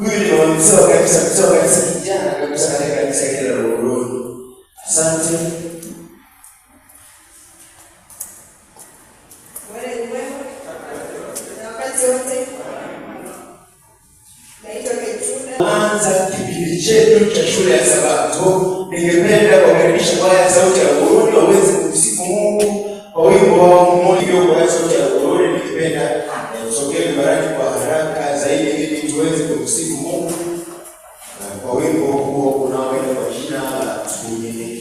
mwili unaongezewa kabisa kutoka You.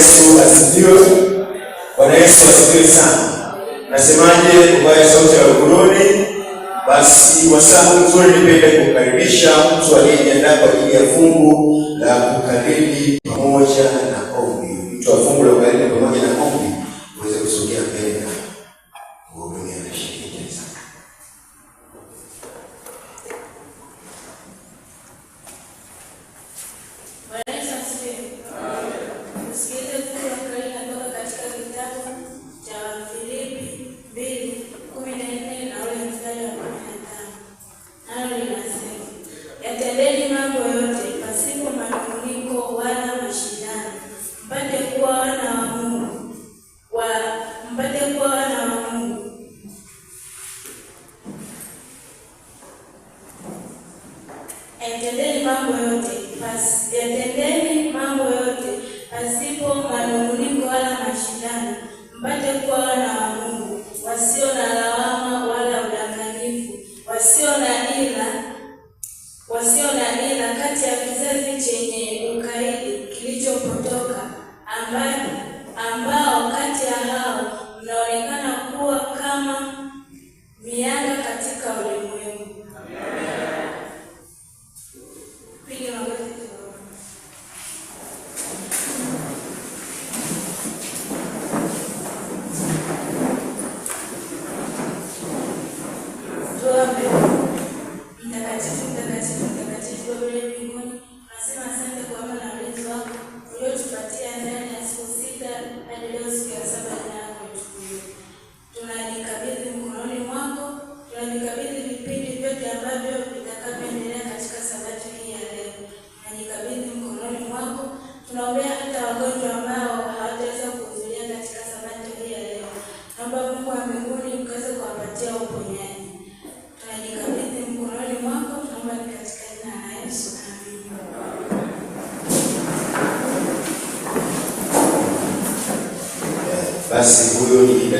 Yesu asifiwe. Bwana Yesu asifiwe sana. Nasemaje? Uvae sauti ya uguruni. Basi wasaa mzuri, nipende kukaribisha mtu aliyejiandaa kwa ajili ya fungu la kukaribi pamoja na ombi. Mtu wa fungu la kukaribi pamoja na ombi Lord.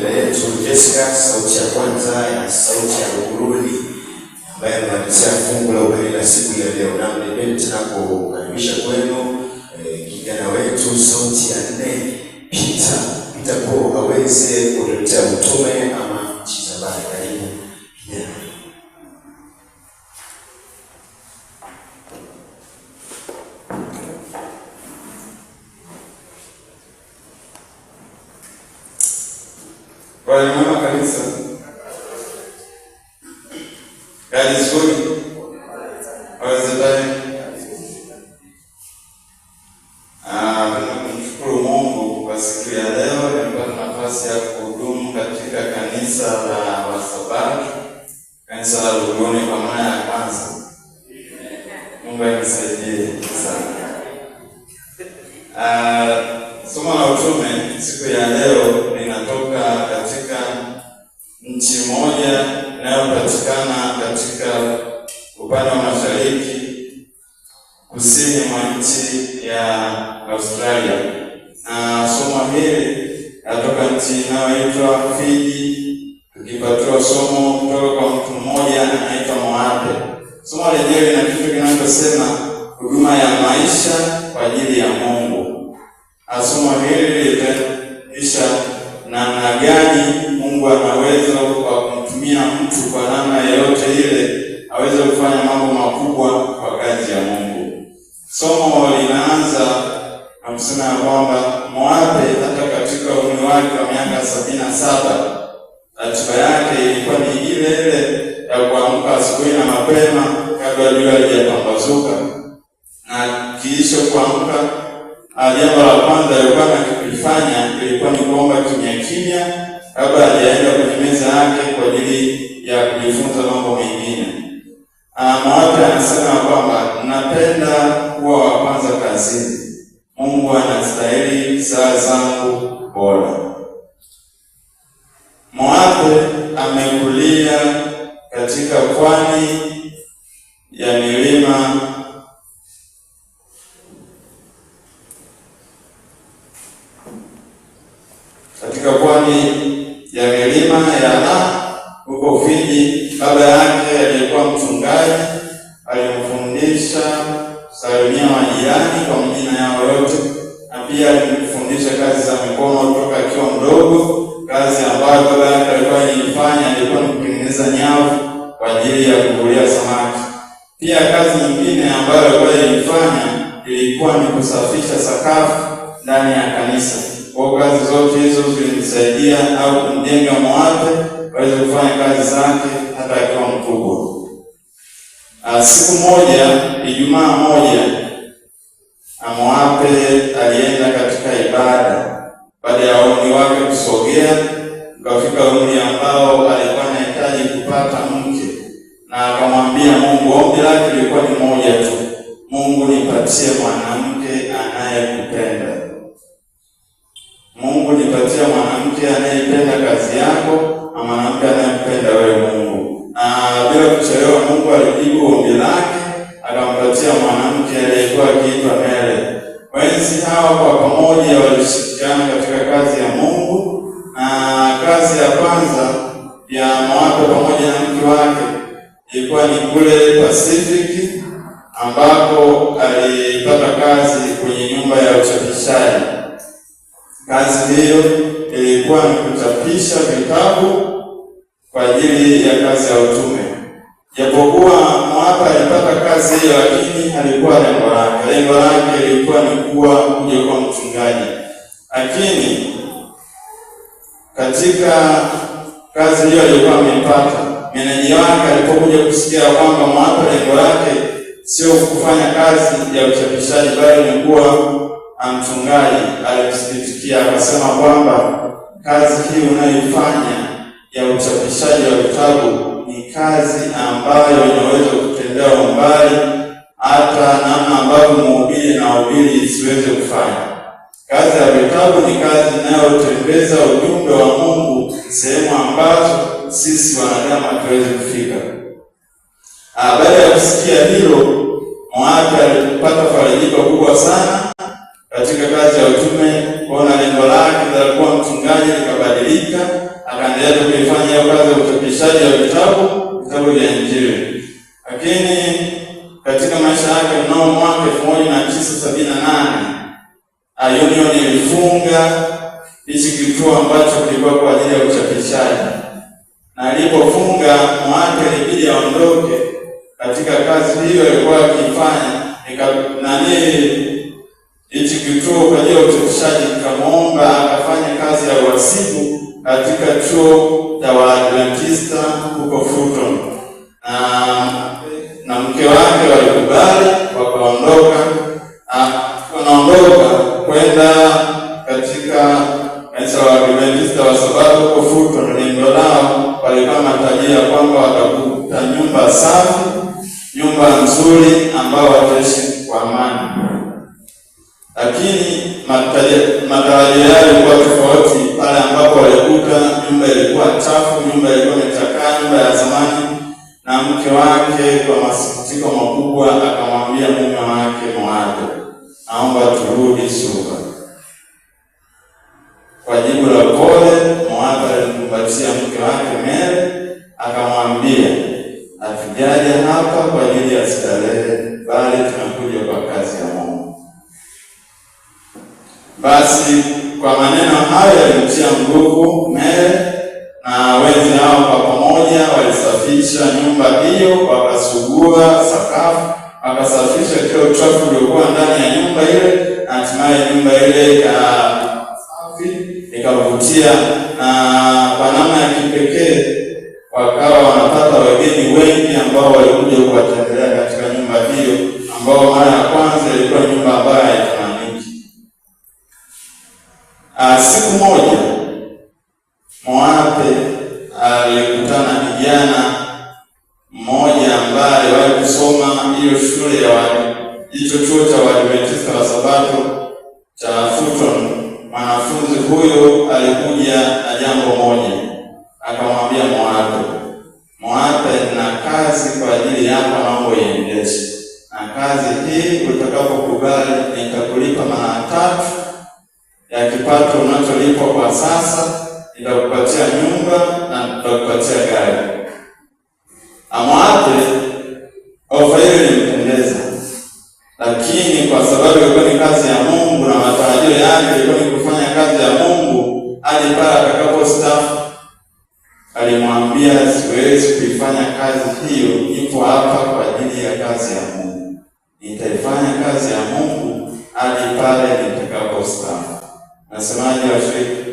mbele yetu Jesca, sauti ya kwanza ya sauti ya Nguruni ambaye anamalizia fungu la ubiri la siku ya leo, na nipende tena kukaribisha kwenu eh, kijana wetu sauti ya nne Peter Peter Paul aweze Kwa maana kanisa gari zuri zinapatikana katika upande wa mashariki kusini mwa nchi ya Australia, na somo hili natoka nchi inayoitwa Fiji, tukipatiwa somo kutoka kwa mtu mmoja anaitwa Moabe. Somo lenyewe na kitu kinachosema mtu kwa namna yoyote ile aweze kufanya mambo makubwa kwa kazi ya Mungu. Somo linaanza na kusema ya kwamba Moabe hata katika umri wake wa miaka sabini na saba ratiba yake ilikuwa ni ile ile ya kuamka asubuhi na mapema kabla jua halijapambazuka, na kiisho kuamka, ah, jambo la kwanza alikuwa anakifanya ilikuwa ni kuomba kimya kimya kabla hajaenda kwenye meza yake kwa ajili ya kujifunza mambo mengine. Ah, Mawapi anasema kwamba napenda kuwa wa kwanza kazini. Mungu anastahili saa zangu pia alikufundisha kazi za mikono toka akiwa mdogo, kazi ambayo baba yake alikuwa anaifanya, alikuwa kutengeneza nyavu kwa ajili ya kuvulia samaki. Pia kazi nyingine ambayo alikuwa alifanya ilikuwa ni kusafisha sakafu ndani ya kanisa. Kwa kazi zote hizo zilimsaidia au kumjenga mwate waweze kufanya kazi zake hata akiwa mkubwa. Ah, siku moja, Ijumaa moja, amwape alienda ibada. pale aoni wake kusogea, ukafika umri ambao alikuwa anahitaji kupata mke, na akamwambia Mungu, ombi lake lilikuwa ni moja tu, Mungu nipatie mwanamke anayekupenda. Mungu nipatie mwanamke anayependa kazi yako na mwanamke anayempenda wewe Mungu. Na bila kuchelewa, Mungu alijibu ombi lake, akampatia mwanamke aliyekuwa akiitwa Mary. Wainzi hao kwa pamoja walishirikiana katika kazi ya Mungu, na kazi ya kwanza ya mawato pamoja na mke wake ilikuwa ni kule Pacific ambapo alipata kazi kwenye nyumba ya uchapishaji. Kazi hiyo ilikuwa ni kuchapisha vitabu kwa ajili ya kazi ya utume. Japokuwa mwaka alipata kazi hiyo, lakini alikuwa lengo lake lengo lake lilikuwa ni kuwa kuja kwa mchungaji. Lakini katika kazi hiyo alikuwa amepata, meneji wake alipokuja kusikia kwamba mwaka lengo lake sio kufanya kazi ya uchapishaji, bali ni kuwa mchungaji, alisikitikia akasema kwamba kazi hii unayoifanya ya uchapishaji wa vitabu ni kazi ambayo inaweza kutendewa mbali, hata namna ambavyo mhubiri na hubiri isiweze kufanya. Kazi ya vitabu ni kazi inayotembeza ujumbe wa Mungu sehemu ambazo sisi wanadamu hatuwezi kufika. Ah, baada ya kusikia hilo, Moabi alipata farijiko kubwa sana katika kazi ya utume, kuona lengo lake mtu alianza kuifanya hiyo kazi ya uchapishaji wa vitabu vitabu vya Injili, lakini katika maisha yake mnao mwaka elfu moja mia tisa sabini na nane Union ilifunga hichi kituo ambacho kilikuwa kwa ajili ya uchapishaji, na alipofunga mwake ilibidi aondoke katika kazi hiyo alikuwa akifanya nani hichi kituo kwa ajili ya uchapishaji, nikamwomba akafanya kazi ya uhasibu katika chuo cha Waadventista huko akamwambia mume wake Moabu, naomba turudi Suba. Kwa jibu la pole, Moabu alimkumbatia mke wake Mere akamwambia, hatujaja hapa kwa ajili ya starehe, bali tunakuja kwa kazi ya Mungu. Basi kwa maneno hayo yalimtia nguvu Mere na wenzi hao kwa pamoja walisafisha nyumba hiyo, wakasugua sakafu akasafisha kila uchafu uliokuwa ndani ya nyumba ile, na hatimaye nyumba ile ikawa safi ikavutia, na kwa namna ya kipekee wakawa wanapata wageni wengi ambao walikuja kuwatembelea katika nyumba hiyo, ambao mara ya kwanza ilikuwa nyumba ambayo haifahamiki. Ah, siku moja Moabe alikutana kijana mmoja ambaye kusoma hiyo shule ya hicho chuo cha Waadventista wa Sabato cha Fulton, mwanafunzi huyo alikuja na jambo moja, akamwambia Moape, Moape, na kazi kwa ajili yako mambo yaendeshe, na kazi hii utakapokubali nitakulipa mara tatu ya kipato unacholipwa kwa sasa, nitakupatia nyumba na nitakupatia gari. amwate katika kazi ya Mungu. Nitaifanya kazi ya Mungu hadi pale nitakapostaafu. Nasemaje washiriki?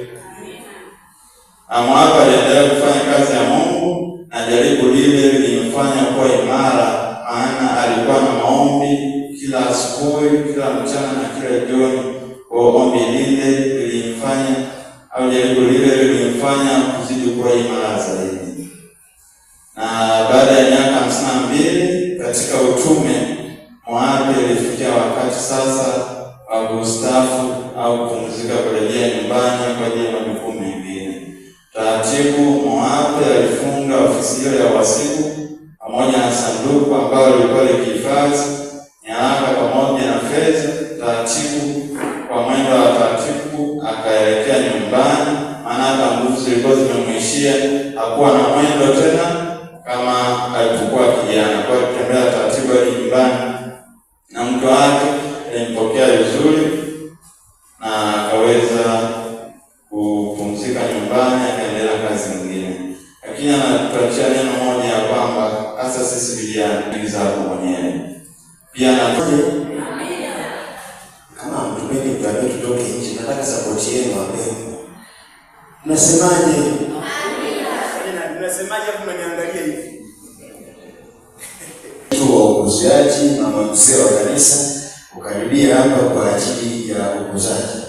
Amoapa aliendelea kufanya kazi ya Mungu na jaribu lile lilimfanya kuwa imara, maana alikuwa na maombi kila asubuhi, kila mchana na kila jioni. Kwa ombi lile lilimfanya au jaribu lile lilimfanya kuzidi kuwa imara zaidi na baada ya miaka hamsini na mbili katika utume, Mohamed alifikia wakati sasa wa kustafu au kupumzika kurejea nyumbani kwa ajili ya majukumu mengine. Taratibu, Mohamed alifunga ofisi hiyo ya wasibu pamoja na sanduku ambalo lilikuwa likihifadhi nyaraka pamoja na fedha. Taratibu, kwa mwendo wa taratibu, akaelekea nyumbani, maana nguvu zilikuwa zimemwishia, hakuwa na mwendo tena kama alipokuwa kijana, kwa kutembea taratibu hadi nyumbani, na mke wake alimpokea vizuri na akaweza kupumzika nyumbani, akaendelea kazi nyingine. Lakini anatuachia neno moja ya kwamba hasa sisi vijana, akili mwenyewe pia na kama mtumeni, tutoke nje. Nataka sapoti yenu wapendwa, nasemaje? uzee wa kanisa kukaribia hapa kwa ajili ya ukuzaji.